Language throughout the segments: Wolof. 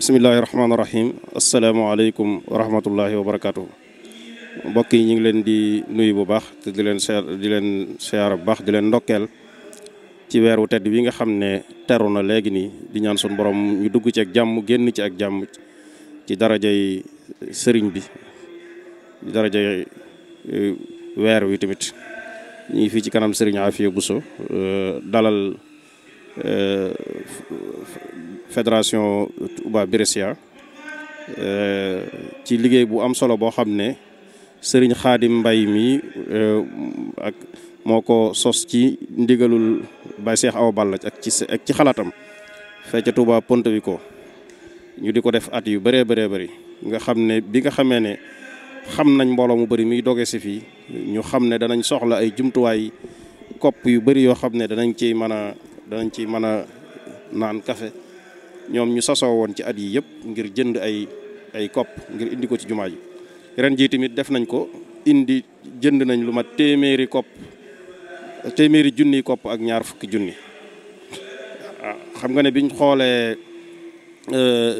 bisimillahi rahmaani rahim asalaamaaleykum wa rahmatullahi wa barakaatu. mbokk yi ñu ngi leen di nuyu bu baax te di leen seer di leen siyaara bu baax di leen ndokkeel ci weeru tedd bi nga xam ne teru na léegi nii di ñaan suñu borom ñu dugg ci ak jàmm génn ci ak jàmm ci darajay sëriñ bi darajay e, weer wi tamit ñu ngi fii ci kanam sëriñ Afia Bousso e, dalal. Euh, fédération Touba Brescia euh, ci liggéey bu am solo boo xam ne sëriñ xaadim mbay mi euh, ak moo ko sos ci ndigalul Baye Cheikh Awa Balla ak ci ak ci xalaatam fecca Touba Pontevico ñu di ko def at yu bëree bëree bëri nga xam ne bi nga xamee ne xam nañ mbooloo mu bari muy doge si fii ñu xam ne danañ soxla ay jumtuwaay kopp yu bari yoo xam ne danañ ci mën a danañ ci mën a naan kafe ñoom ñu sasoo woon ci at yi yëpp ngir jënd ay ay kopp ngir indi ko ci jumaa ji ren jii tamit def nañ ko indi jënd nañ lu ma téeméeri kopp téeméeri junni kopp ak ñaar fukki junni xam nga ne biñ xoolee euh,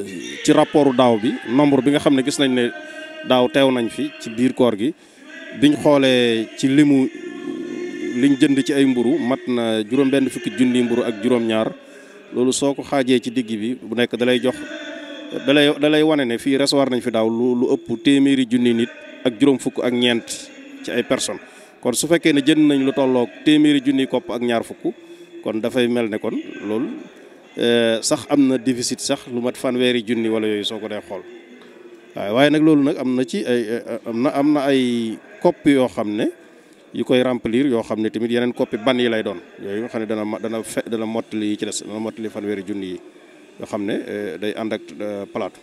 ci rapportu daaw bi nombre bi nga xam ne gis nañ ne daaw teew nañ fi ci biir koor gi biñ xoolee ci limu liñ jënd ci ay mburu mat na juróom-benn fukki junni mburu ak juróom-ñaar loolu soo ko xaajee ci digg bi bu nekk dalay jox dalay dalay wane ne fii recevoir nañ fi daaw lu lu ëpp téeméeri junni nit ak juróom fukk ak ñeent ci ay personnes kon su fekkee ne jënd nañ lu tollook téeméeri junni kopp ak ñaar fukk kon dafay mel ne kon loolu eh, sax am na déficit sax lu mat fanweeri junni wala yooyu soo ko dee xool waaye nag loolu nag am na ci ay eh, am na am na ay kopp yoo xam ne yu koy remplir yoo xam ne tamit yeneen copie ban yi lay doon yooyu nga xam ne dana dana fe dana mottali yi ci des dana mottali fanweeri junni yi yoo xam ne eh, day ànd ak eh, palaatu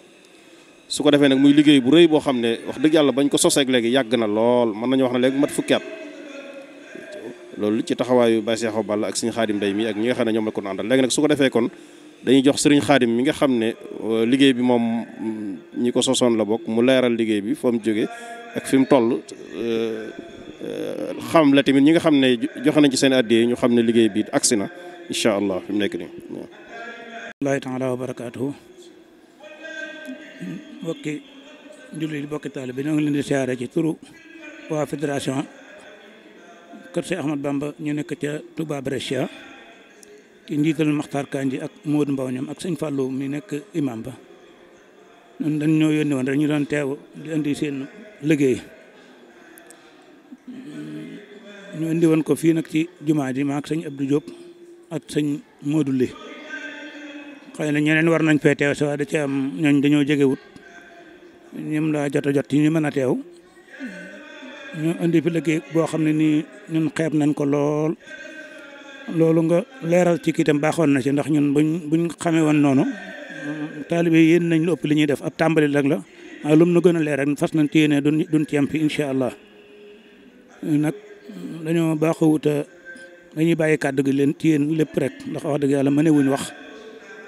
su ko defee nag muy liggéey bu rëy boo xam ne wax dëgg yàlla bañ ko soseeg léegi yàgg na lool mën nañu wax ne léegi mat fukki loolu ci taxawaayu Baye Cheikh Balla ak sëñ Xaadim Mbay mi ak ñi nga xam ne ñoom la ko àndal léegi nag su ko defee kon dañuy jox sëriñ Xaadim mi nga xam ne euh, liggéey bi moom mm, ñi ko sosoon la bokk mu leeral liggéey bi fa mu jóge ak fi mu toll euh, xam la tamit ñi nga xam ne joxe ci seen àddee ñu xam ne liggéey bi agsi na incha allah fi mu nekk nii ci turu waa fédération kër Cheikh Ahmad Bamba ñu nekk ca Touba Brescia ci njiital Maxtaar Kanji ak Modou Mbaw ñoom ak sëñ Fallou mi nekk imam ba ñun dañ teew di indi seen liggéey ñu indi woon ko fii nag ci jumaa ji maak sëñ Abdou Diop ak sëñ Modou Li xëy na ñeneen war nañ fee teew si waaye da ci am ñooñ dañoo jegewut ñim laa jot jot ci ñu mën a teew ñu indi fi liggéey boo xam ne nii ñun xeeb nañ ko lool loolu nga leeral ci kiitam baaxoon na ci ndax ñun buñ buñ xamee woon noonu taalibe yéen nañ lu ëpp li ñuy def ab tàmbali rek la waaye lu mu gën a leer rek fas nañ ci yéene duñ duñ ci am fi incha allah nag dañoo baaxawuta dañuy bàyyi kàddu leen ci yéen lépp rek ndax wax dëgg yàlla mëne wuñ wax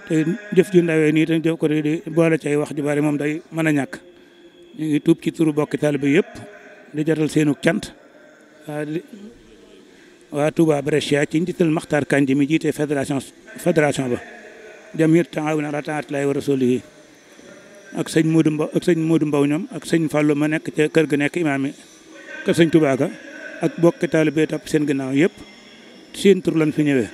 te jëf ju ndawee nii dañ jëf ko di boole cay wax ju bari moom day mën a ñàkk ñu ngi tuub ci turu bokki taalibe yëpp di jatal seenu cant waa Touba Brescia ci njiital Maxtaar Kanji mi jiite fédération fédération ba jamiyat taawun ala taat lay wa rasulihi ak sëñ Modou Mbaw ak sëñ moodu Mbaw ñoom ak sëñ Fallou ma nekk ca kër ga nekk imaam yi kër sëñ Touba ak bokki taalibe topp seen ginnaaw yëpp seen tur lañ fi ñëwee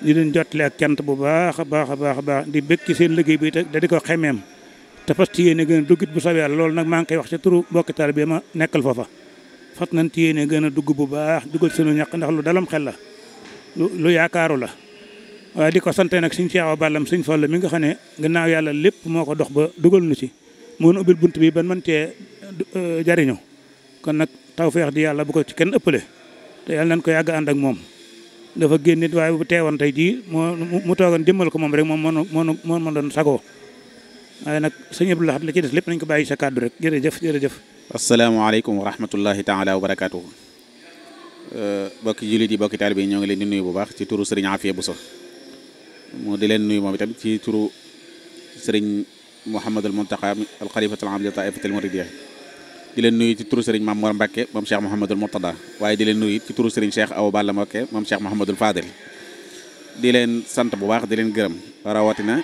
di leen jottale ak cant bu baax a baax a baax a baax di bëgg seen liggéey bi te da di ko xemeem te fas ci yéene gën a bu soobee loolu nag maa ngi koy wax ci turu bokki taalibe ma nekkal foofa fas nañ ci yéene gën a dugg bu baax dugal sunu ñàq ndax lu dalam xel la lu yaakaaru la waaye di ko sante nag suñ Cheikh Awa Ballam suñ la mi nga xam ne gannaaw yàlla lépp moo ko dox ba dugal nu ci moon ubbil bunt bi ban man cee euh, jariñu kon nag tawfeex di yàlla bu ko ci kenn ëppale te yàlla nañ ko yàgg ànd ak moom dafa génn nit waaye bu teewoon tey jii moo mu toogoon jëmmal ko moom rek moom moo moo moo ma doon sagoo waaye nag sëñ Abdou Lahad la ci des lépp nañ ko bàyyi sa kàddu rek jërëjëf jërëjëf asalaamaaleykum wa rahmatullahi taala wa barakaatu euh, bokki jullit yi bokki taalibe yi ñoo ngi leen di nuyu bu baax ci turu sëriñ Afia Bousso moo di leen nuyu moom itam ci turu sëriñ Mouhamadul Muntaqa al xalifatul am li taifatul muridiyya di leen nuyu ci turu Serigne Mame a Mbacke moom Cheikh Mouhamadul Mourtada waaye di leen nuyu ci turu Serigne Cheikh Awa Balla Mbacke moom Cheikh Mouhamadul Fadel di leen sant bu baax di leen gërëm rawatina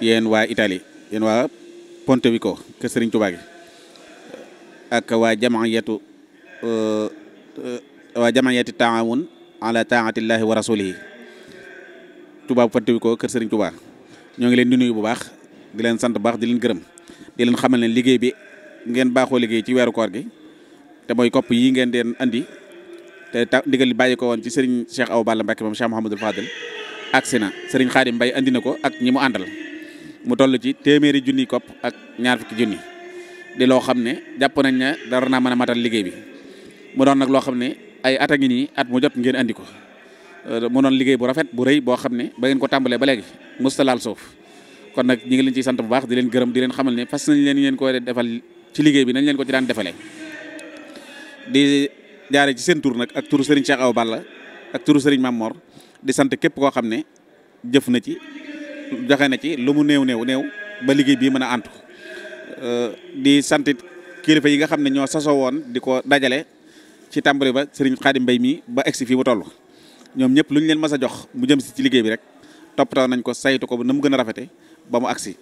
yéen waa Italie yéen waa Pontevico kër Serigne Touba gi ak waa jamaayatu euh, euh, waa jamaayati taawun ala taatillahi wa rasulihi Touba Pontevico kër Serigne Touba ñoo ngi leen di nuyu bu baax di leen sant bu baax di leen gërëm liggéey bi. ngeen baaxoo liggéey ci weeru koor gi te mooy kopp yi ngeen deen andi te ta ndigal li bàyyi ko woon ci sëriñ Cheikh Awa Balla Mbacke moom Cheikh Mouhamadul Fadil agsi na andi na ko ak ñi mu àndal mu toll ci téeméeri junni kopp ak ñaar fukki junni di loo xam ne jàpp nañ ne dara naa mën a matal liggéey bi mu doon nag loo xam ne ay at a ngi nii at mu jot ngeen andi ko euh, mu doon liggéey bu rafet bu rëy boo xam ne ba ngeen ko tàmbalee ba léegi mustalaal suuf kon nag ñi ngi leen ciy sant bu baax di leen ci liggéey bi nañ leen ko ci daan defale di jaare ci seen tur nag ak turu Serigne Cheikh Awa Balla ak turu Serigne Mamor di sant képp koo xam ne jëf na ci joxe na ci lu mu néew néew néew ba liggéey bii mën a antu euh, di santit kilifa yi nga xam ne ñoo sasoo woon di ko dajale ci tàmbali ba sëriñ Khadim mbay mii ba egsi fii bu toll ñoom ñëpp lu ñu leen mas a jox mu jëm si ci liggéey bi rek toppatoo nañ ko saytu ko ba na mu gën a rafete ba mu agsi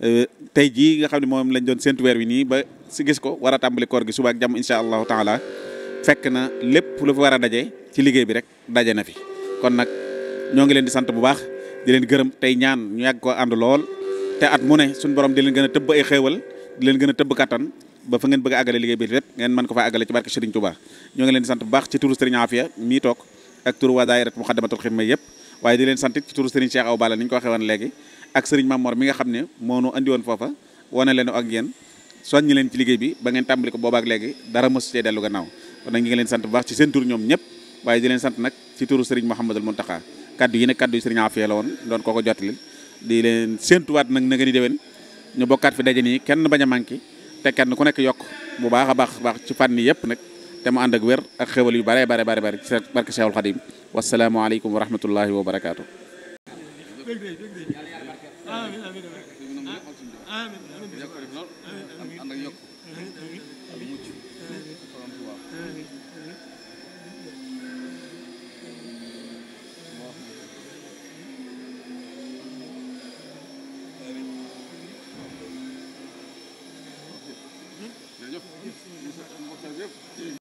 Euh, tey jii nga xam ne moom lañ doon séntu weer wi nii ba si gis ko war a tàmbali koor gi suba ak jàmm incha allahu taala fekk na lépp lu fi war a daje ci liggéey bi rek daje na fi kon nag ñoo ngi leen di sant bu baax di leen gërëm tey ñaan ñu lool te at mu ne suñu borom a tëbb ay leen gën a tëbb kattan ba fa ngeen bëgg a àggale liggéey bi lépp turu Serigne Afia mii toog ak turu waa waaye di leen sant ci turu Serigne Cheikh Aw Balla ni ko waxee woon ak sëriñ Mamor mi nga xam ne moo nu andi woon foofa wane leen ak yéen soññi leen ci liggéey bi ba ngeen tàmbali ko boobaak léegi dara mosu cee dellu gannaaw kon nag ñu leen sant bu baax ci seen tur ñoom ñëpp waaye di leen sant nag ci turu sëriñ Mouhamadul Mountakha kaddu yi ne kaddu yi sëriñ Afia la woon doon koo ko jottali di leen séentuwaat nag na nga ni déwén ñu bokkaat fi daje nii kenn bañ a manqué te kenn ku nekk yokk bu baax a baax baax ci fànn yëpp nag te mu ànd ak wér ak xéwal yu bare bare bare bare ci barke Cheikhul Khadim wasalaamaaleykum wa rahmatullahi wa barakaatu dëgg dëgg dëgg dëgg amiin amiin amiin amiin yokk mucc jërëjëf